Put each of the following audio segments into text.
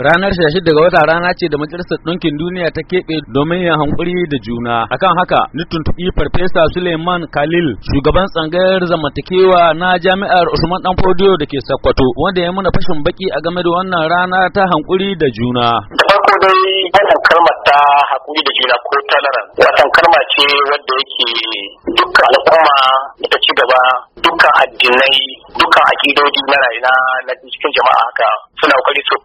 Ranar 16 ga wata rana ce da Majalisar Ɗinkin Duniya ta keɓe domin yin hankuri da juna. Akan haka, ni tuntuɓi Farfesa Suleiman Khalil, shugaban tsangayar zamantakewa na Jami'ar Usman Dan Fodiyo da ke Sakkwato, wanda ya muna fashin baki a game da wannan rana ta hankuri da juna. wannan kalmar da juna ko tolerance, watan kalma ce wadda yake dukkan al'umma da ta ci gaba dukkan addinai dukkan akidoji na rayuwa na cikin jama'a haka suna kokari su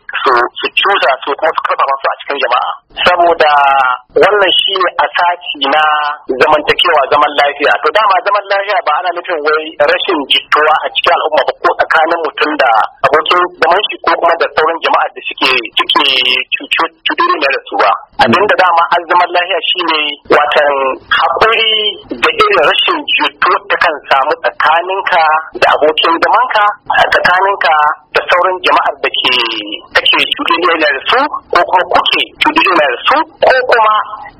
cusa su kuma su karfafa su a cikin jama'a saboda wannan shi ne asasi na zamantakewa zaman lafiya to dama zaman lafiya ba ana nufin wai rashin jituwa a cikin al'umma ba ko tsakanin mutum da abokin zaman shi ko kuma da sauran jama'a da suke suke cuturi da su ba abinda dama a zaman lafiya shine watan haƙuri da samu tsakaninka da abokin zamanka tsakaninka da sauran jama'ar da ke take cuɗiɗiyar da su ko kuma kuke cuɗiɗiyar da su ko kuma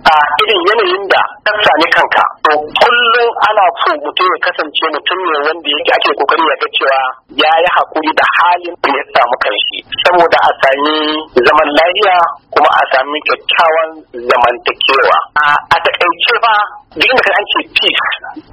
a irin yanayin da ka ne kanka to kullum ana so mutum ya kasance mutum ne wanda yake ake kokari ya ga cewa ya yi hakuri da halin da ya samu kanshi saboda a sami zaman lafiya kuma a sami kyakkyawan zamantakewa a takaice ba duk da an ce peace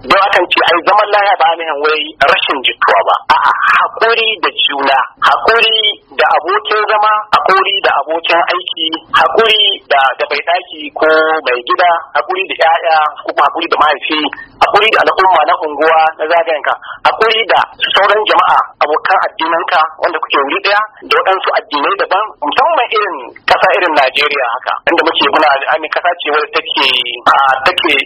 don akan ce ai zaman lafiya ba ni wai rashin jituwa ba a'a hakuri da juna hakuri da abokin zama hakuri da abokin aiki hakuri da da bai daki ko mai gida hakuri da yaya ko hakuri da mahaifi hakuri da al'umma na unguwa na zagayenka hakuri da sauran jama'a abokan addinanka wanda kuke wuri daya da waɗansu addinai daban musamman irin kasa irin Najeriya haka inda muke muna kasa ce wadda take take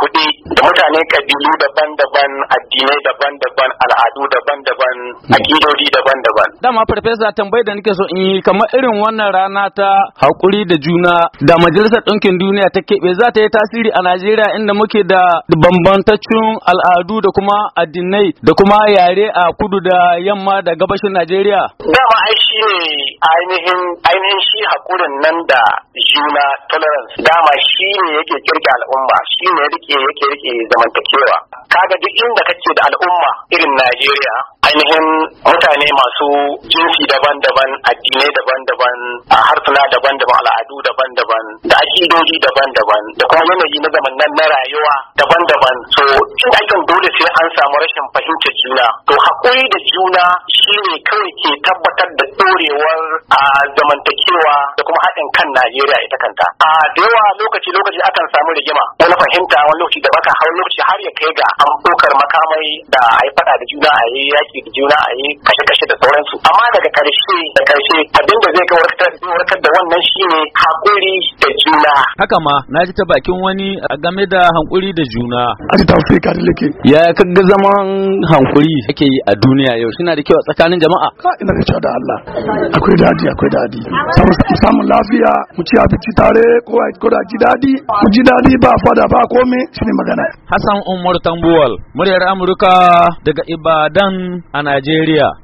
kuɗi, da mutane kabilu daban-daban addinai daban-daban al'adu daban-daban hmm. akidodi daban-daban dama farfesa tambayar da nake so in yi kamar irin wannan rana ta hakuri da juna da majalisar ɗinkin duniya ta keɓe za ta yi tasiri a najeriya inda muke da bambantaccen al'adu da kuma addinai da kuma yare a kudu da yamma da gabashin najeriya dama ai shi ne ainihin ainihin shi hakurin nan da juna tolerance dama shi ne yake kirga al'umma shi ne ya rike yake rike zamantakewa kaga duk inda kake da al'umma irin Najeriya ainihin mutane masu jinsi daban-daban addinai daban suna daban-daban al'adu daban-daban da akidoji daban-daban da kuma yanayi na nan na rayuwa daban-daban so in aikin dole sai an samu rashin fahimtar juna to hakuri da juna shine kawai ke tabbatar da ɗorewar a zamantakewa da kuma haɗin kan Najeriya ita kanta a da yawa lokaci lokaci akan samu rigima wani fahimta wani lokaci da baka har lokaci har ya kai ga an ɗaukar makamai da a yi faɗa da juna a yi yaƙi da juna a yi kashe-kashe da sauransu amma daga ƙarshe da ƙarshe abin da zai warkar da wannan shine hakuri da juna haka ma na ji ta bakin wani game da hankuri da juna a ji tafi ka da lake ya kaga zaman hankuri ake yi a duniya yau shi na da kyau a tsakanin jama'a ka ina da da Allah akwai dadi akwai dadi samun lafiya mu ci abinci tare ko da ji dadi mu ji dadi ba fada ba komai shine magana Hassan Umar Tambuwal muryar Amurka daga Ibadan a Najeriya